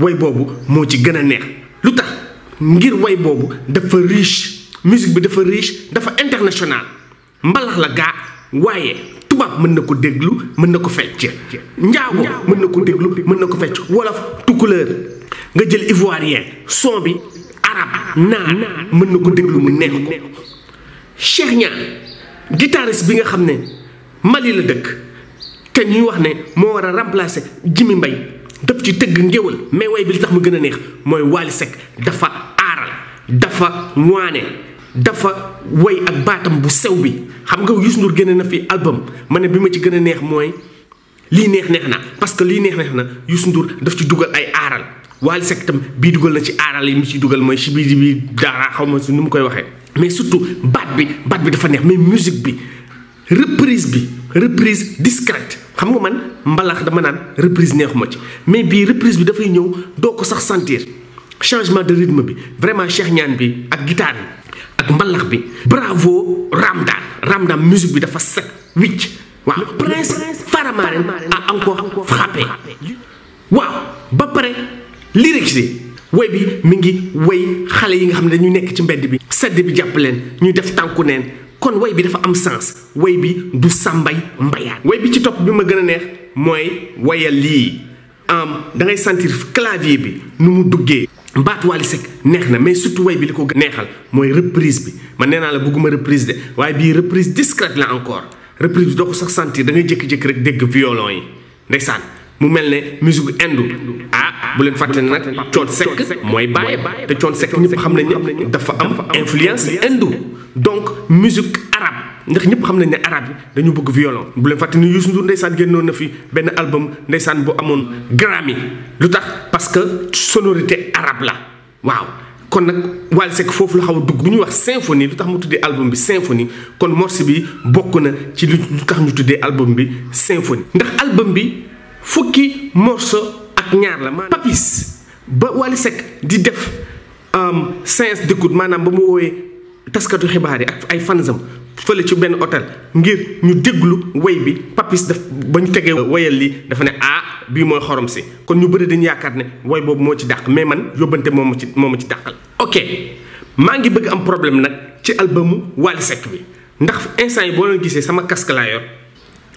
way bobu mo ci gëna neex lutax ngir way bobu dafa riche musique bi dafa riche dafa international mbalax la ga waye tuba mën na ko déglu mën na ko fecc njaago mën na ko déglu mën na ko fecc wolof couleur nga jël ivoirien son bi arab na mën na ko déglu mu neex ko cheikh ñaan guitariste bi nga xamné mali la dëkk ñuy wax ne moo war remplacer jimi mbay dëpp ci tëgg ngéwal mais way bi li tax mu gën a neex mooy Wally Seck dafa aaral dafa waane dafa way ak baatam bu sew bi xam nga Youssou Ndour génne na fi album ma ne bi ma ci gën a neex mooy lii neex neex na parce que lii neex neex na Youssou Ndour daf ci dugal ay aaral Wally Seck bii dugal na ci aaral yi mu ci dugal mooy si bii di bi daara xaw ma si nu mu koy waxee mais surtout baat bi baat bi dafa neex mais musique bi reprise bi reprise discrète xam nga man mbalax dama naan reprise neexuma ci mais bii reprise bi dafay ñëw doo ko sax sentir changement de rythme bi vraiment Cheikh Niane bi ak guitare bi ak mbalax bi bravo Ramdan Ramdan musique bi dafa set wicc waaw Prince Faramaren a encore pare lyrics bi mi ngi woy xale yi nga xam ne dañu nekk ci mbedd bi sedd bi jàpp leen ñu def tànku neen kon way bi dafa am sens way bi du sàmbay mbayaan way bi ci topp bi ma gën a neex mooy wayal lii am da ngay sentir clavier bi nu mu duggee mbaat Wally Seck neex na mais surtout way bi li ko neexal mooy reprise bi ma nee naa la bëgguma reprise de waaye bii reprise discrète la encore reprise bi doo ko sax sentir da ngay jékki rek dégg violon yi ndeysaan mu mel ne musique indu ah bu leen fàtte nag coon sekk mooy bàyyam te coon sec nous xam nañ ne dafa am influence endo donc musique arabe ndax ñëpp xam nañ ne arabe yi dañu bëgg violon bu leen fàtte ni Youssou Ndour ndeysaan génnoon na fi ben album ndeysaan bu amoon Grammy lu parce que sonorité arabe la waaw kon nag Wally Seck foofu faire xaw a dugg bu wax symphonie lu tax mu tuddee album bi symphonie kon morceau bi bokk na ci lu tax ñu tuddee album bi symphonie ndax album bi fukki morso ak ñaar la man papis ba wali sek di def de euh, d'écoute manam ba mu woowee taskatu xibaari ak ay fanzam fele ci ben hôtel ngir ñu deglu way bi papis def bañu ñu wayal li dafa ne ah bi moy xorom ci kon ñu bëre dañ yaakaar ne way bobu mo ci dakk mais man yobante mom ci mom ci dakkal ok ma ngi bëgg am problème nak ci album wali sek bi ndax instant yi bo lo sama casque la yor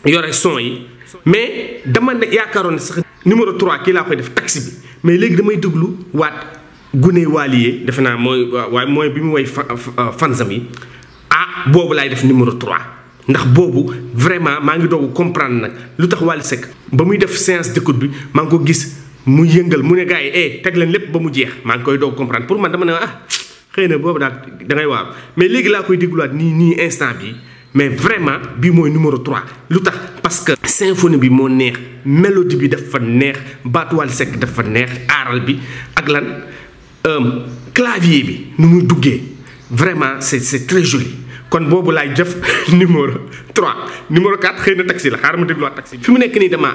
y son mais dama ne a sax numéro 3 kii l'a fait def taxi mais légui damay deglu Gune Walié way ah bobu lay def numéro 3 ndax bobu vraiment mangi dogu comprendre nak lutax sec. def séance d'écoute bi mang ko gis mu yengal eh koy comprendre pour man dama ne ah xeyna bobu da ngay waaw mais légui la koy ni mais vraiment c'est le numéro 3 parce que la symphonie bi mo neex mélodie bi dafa neex la sec dafa neex aral bi ak lan euh, clavier bi nu vraiment c'est très joli kon bobu lay def numéro 3 numéro 4 c'est le taxi la xaaral ma taxi bi. fi mu nekk dama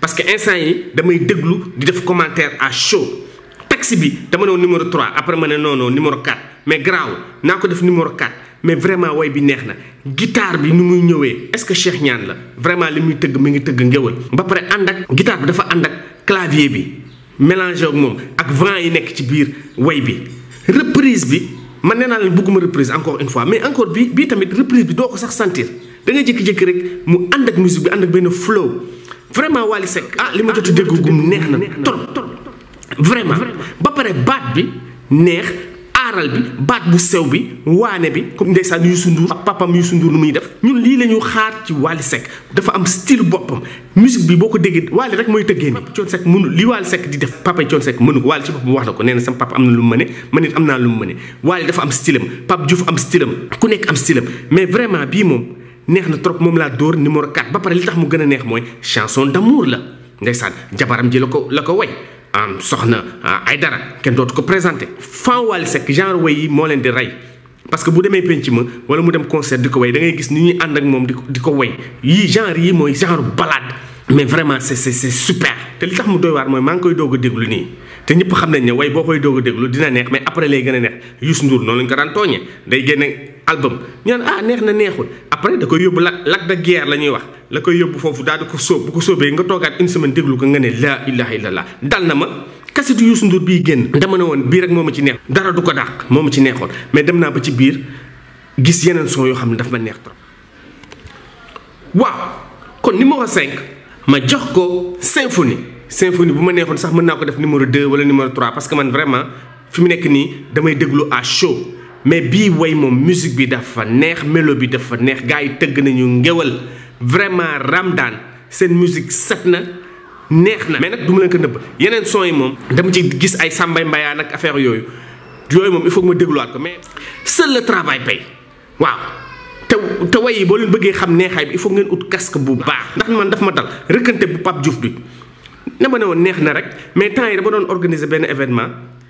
parce que instant yi damay déglu di def commentaire à chaud taxi bi dama numéro 3 après mané y non non numéro 4 mais je y def numéro 4 mais vraiment way bi neex guitare bi nu muy ñëwé est-ce que Cheikh Niane la vraiment li muy teug mi ngi teug ngeewal ba paré ànd ak guitare bi dafa ànd ak clavier bi mélanger ak mom ak vent yi nekk ci biir way bi reprise bi man nee naa bëgguma reprise encore une fois mais encore bi bi tamit reprise bi doo ko sax sentir da nga jëk jëk rek mu ànd ak musique bi ànd ak benn flow vraiment wali sek ah li ma jot a dégg gum neex na trop vraiment ba paré bat bi neex xarral bi baat bu sew bi waane bi comme ndeysaan Youssou Ndour ak papam Youssou Ndour lu muy def ñun lii la ñu xaar ci Wally Seck dafa am style boppam musique bi boo ko déggee Wally rek mooy tëggee ni Thione Seck mënu li Wally Seck di def papa Thione Seck ko Wally ci boppam wax na ko nee na sama papa am na lu mu mëne man it am naa lu mu mëne Wally dafa am stylam Pape Diouf am stylam ku nekk am stylam mais vraiment bii moom neex na trop moom laa dóor numéro 4 ba pare li tax mu gën a neex mooy chanson d'amour la ndeysaan jabaram ji la la ko am soxna ay ah, dara kenn dootu ko présenté fan Wally Seck genre way yi moo leen di rey parce que bu demee penc ma wala mu dem concert di ko way da ngay gis ni ñuy ànd ak moom di ko di ko way yii genre yi mooy genre balade mais vraiment c'est c'est c'est super te li tax mu doy waar mooy maa ngi koy doog a déglu nii te ñëpp xam nañ ne way boo koy doog a déglu dina neex mais après lay gën a neex Youssou Ndour noonu lañ ko daan tooñee day génne album ñu naan ah neex na neexul après da koy yóbbu la Lac de Guiers la ñuy wax la koy yóbbu foofu daal di ko sóob bu ko sóobee nga toogaat une semaine déglu ko nga ne laa ilaha illallah dal na ma kasetu Youssou Ndour bii génn dama ne woon bii rek moo ma ci neex dara du ko dàq moo ma ci neexoon mais dem naa ba ci biir gis yeneen soo yoo xam ne dafa ma neex trop waaw kon numéro senk ma jox ko symphonie symphonie bu ma neexoon sax mën naa ko def numéro 2 wala numéro 3 parce que man vraiment fi mu nekk nii damay déglu à chaud mais bi way mom musique bi dafa neex mélo bi dafa neex gaay teug nañu ngéwal vraiment Ramdan seen musique set na neex na mais nak du len ko neub yenen son yi mom dama ci gis ay sambay mbaya nak affaire yoyu yoyu mom il faut que ma dégluwaat ko mais seul le travail pay waaw te te way yi boo leen xam neexay bi il faut ngeen ut casque bu baax ndax man daf ma dal rekenté bu pap Diouf bi na ma ne woon neex na rek mais temps yi dama doon organiser ben événement